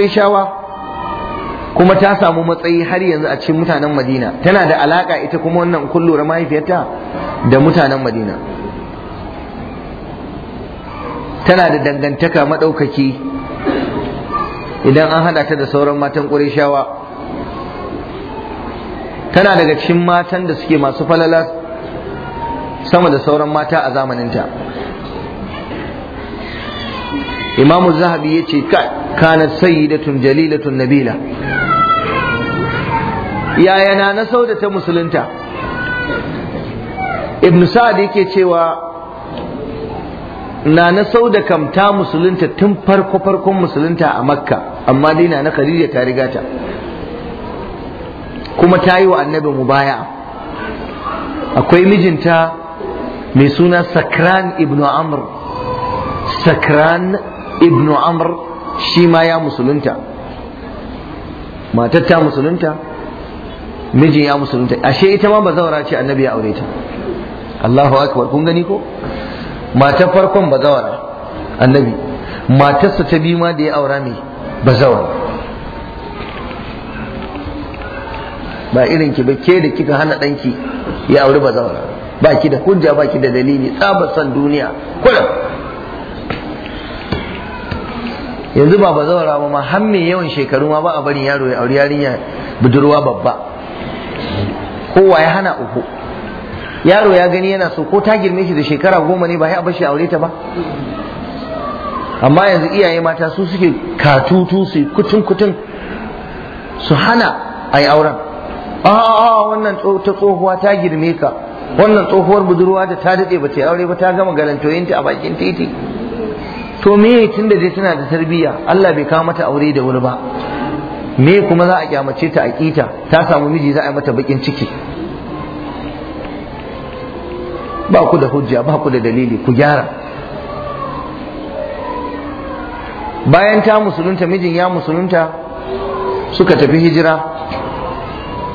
ta samu matsayi har yanzu a cikin mutanen madina tana da alaka ita kuma wannan kullura mahaifiyata da mutanen madina tana da dangantaka maɗaukaki idan an hada ta da sauran matan ƙurishawa tana daga cikin matan da suke masu falala sama da sauran mata a zamaninta imamu zahabi ya ce kanat sayyidatun jalilatun nabila yayana na na da ta musulunta ibn sa'ad yake cewa na na sauda kam ta musulunta tun farko farkon musulunta a makka amma dai na na khadija ta riga ta kuma ta yi wa annabi mu baya, akwai mijinta mai suna sakran ibnu amr sakran ibnu amr shi ma ya musulunta matar ta musulunta mijin ya musulunta ashe ita ma ba zaura ce annabi ya aure ta Allahu akbar kun gani ko matar farkon ba zawar annabi matarsa ta biyu ma da ya aura mai ba zawar. ba irin ki ba ke da kika hana ɗanki ya auri bazawara ba ki da hujja ba ki da dalili tsabar son duniya kuna yanzu ba bazawara ba ma har mai yawan shekaru ma ba a bari yaro ya auri yarinya budurwa babba kowa ya hana uku yaro ya gani yana so ko ta girme shi da shekara goma ne ba ya bashi aure ta ba amma yanzu iyaye mata su suke katutu su kutun kutun su hana a yi auren a wannan ta tsohuwa ta girme ka wannan tsohuwar budurwa da ta daɗe ba ta aure ba ta gama galantoyinta a bakin titi to me tun da dai tana da tarbiyya Allah bai kawo mata aure da wuri ba me kuma za a kyamace ta a kita ta samu miji za a yi mata bakin ciki ba ku da hujja ba ku da dalili ku gyara bayan ta musulunta mijin ya musulunta suka tafi hijira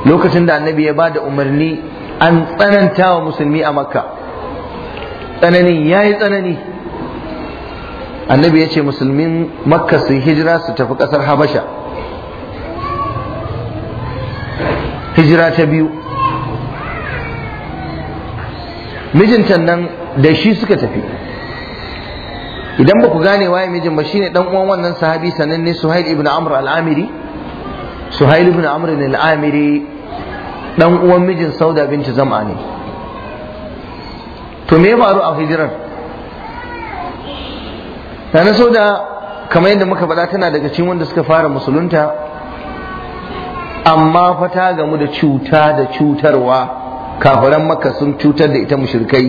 lokacin da annabi ya ba da umarni an tsananta wa musulmi a makka tsananin ya yi tsanani annabi ya ce musulmin makka su hijira su tafi ƙasar habasha hijira ta biyu mijinta nan da shi suka tafi idan ba ku gane waye mijin ba shine dan uwan wannan sahabi ne Suhail ibn Amr al-Amiri Suhail ibn Amr al-Amiri dan uwan mijin Sauda binti Zam'a ne to me ya faru a hijirar Nana Sauda kamar yadda muka faɗa tana daga cikin wanda suka fara musulunta amma fa ta gamu da cuta da cutarwa kafiran maka sun cutar da ita mushrikai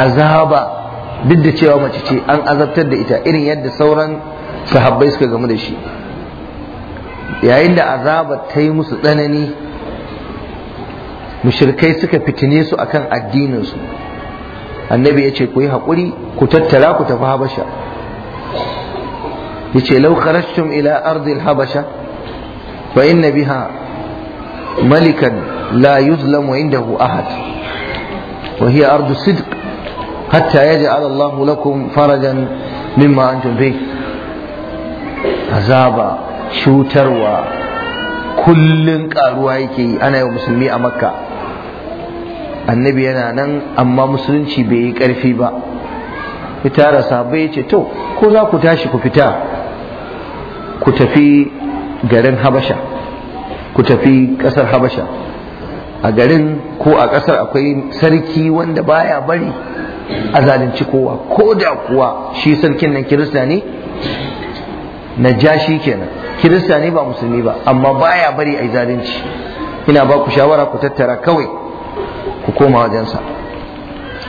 azaba duk da cewa mace ce an azabtar da ita irin yadda sauran sahabbai suka gamu da shi yayin da azaba ta yi musu tsanani mushrikai suka fitine su akan addininsu annabi ya ce ku yi haƙuri ku tattara ku tafi habasha ya ce kharashtum ila ardil habasha fa inna biha malikan La لا يظلم عنده أحد وهي أرض الصدق حتى يجعل الله لكم فرجا مما أنتم فيه azaba cutarwa kullum ƙaruwa yake yi ana musulmi a makka annabi yana nan amma musulunci bai yi ƙarfi ba ya tara sabai ya ce to ko za ku tashi ku fita ku tafi garin habasha ku tafi ƙasar habasha a garin ko a ƙasar akwai sarki wanda baya bari a zalunci kowa ko da kuwa shi sarkin nan kirista ne na ja shi kenan kirista ne ba musulmi ba amma baya bari a zalunci ina ba ku shawara ku tattara kawai ku koma wajensa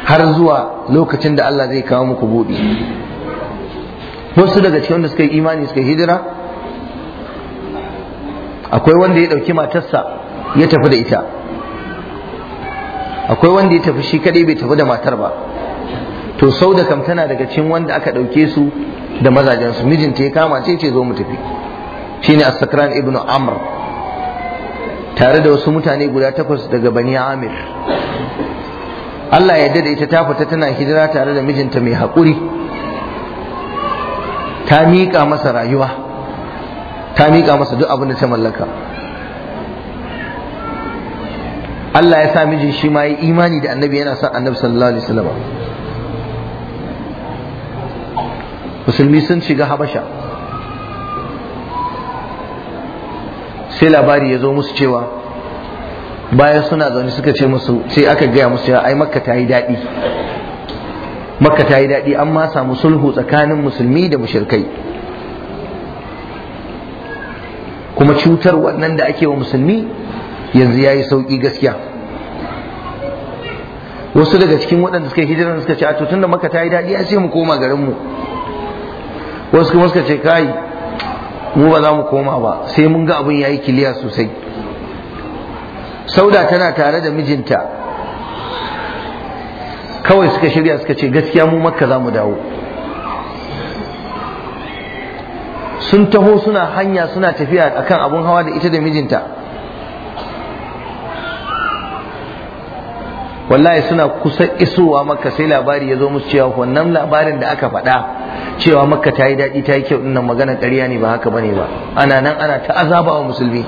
har zuwa lokacin da Allah zai kawo muku buɗi wasu daga cikin wanda suka yi imani suka hijira akwai wanda ya ɗauki matarsa ya tafi da ita akwai wanda ya tafi shi kadai bai tafi da matar ba to sau da kam tana daga cikin wanda aka ɗauke su da mazajen su mijinta ya kama ce ce zo mu tafi shine as-sakran ibn amr tare da wasu mutane guda takwas daga bani amir Allah ya yarda da ita ta fita tana hijira tare da mijinta mai haƙuri ta miƙa masa rayuwa ta miƙa masa duk abin da ta mallaka Allah ya sa mijin shi ma yi imani da annabi yana son annabi sallallahu alaihi wasallam musulmi sun shiga habasha sai labari ya zo musu cewa bayan suna zaune suka ce musu sai aka gaya musu ai makka ta yi daɗi makka ta yi daɗi an ma samu sulhu tsakanin musulmi da mushirkai kuma cutar wannan da ake wa musulmi yanzu ya yi sauƙi gaskiya wasu daga cikin waɗanda suka yi hijirar suka ce a tutun da maka ta yi daɗi ya ce mu koma garinmu wasu kuma suka ce kai mu ba za mu koma ba sai mun ga abin ya yi kiliya sosai sauda tana tare da mijinta kawai suka shirya suka ce gaskiya mu makka za mu dawo sun taho suna hanya suna tafiya akan abun hawa da ita da mijinta wallahi suna kusa isowa makka sai labari ya zo musu cewa wannan labarin da aka faɗa cewa makka ta yi daɗi ta yi kyau ɗin maganar ƙarya ne ba haka bane ba ana nan ana ta azaba wa musulmi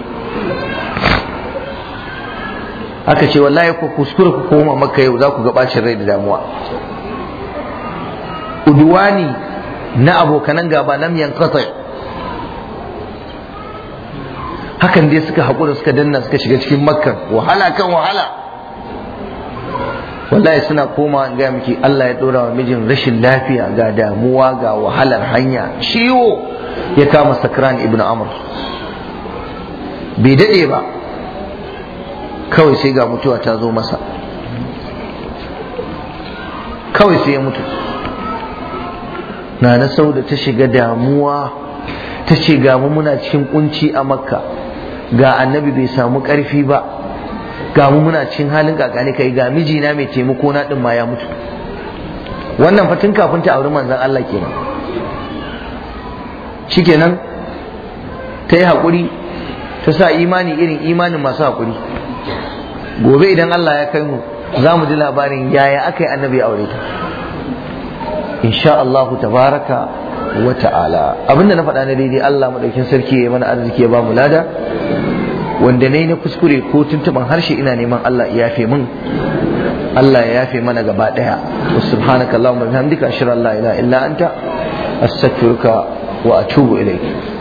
aka ce wallahi ku kuskure ku koma makka yau za ku ga bacin rai da damuwa udwani na abokanan gaba lam hakan dai suka haƙura suka danna suka shiga cikin makka wahala kan wahala wallahi suna koma ga miki Allah ya dora wa mijin rashin lafiya ga damuwa ga wahalar hanya ciwo ya kama sakran ibnu amr bai dade ba kawai sai ga mutuwa ta zo masa kawai sai ya mutu na na sauda ta shiga damuwa ta ce ga mu muna cikin kunci a makka ga annabi bai samu karfi ba ga mu muna cin halin kakani kai ga mijina mai taimako na din ma ya mutu wannan fa tun kafin ta auri manzon Allah kenan shikenan ta yi haƙuri ta sa imani irin imanin masu hakuri. gobe idan Allah ya kai mu za mu ji labarin yaya aka yi annabi aure ta insha Allah tabaraka wa ta'ala abinda na faɗa na daidai Allah madaukin sarki ya mana arziki ya ba mu lada wanda nayi na kuskure ko tuntuban harshe ina neman Allah ya yafe min Allah ya yafe mana gaba daya allahumma bihamdika ashhadu an la ilaha illa anta astaghfiruka wa atubu ilayk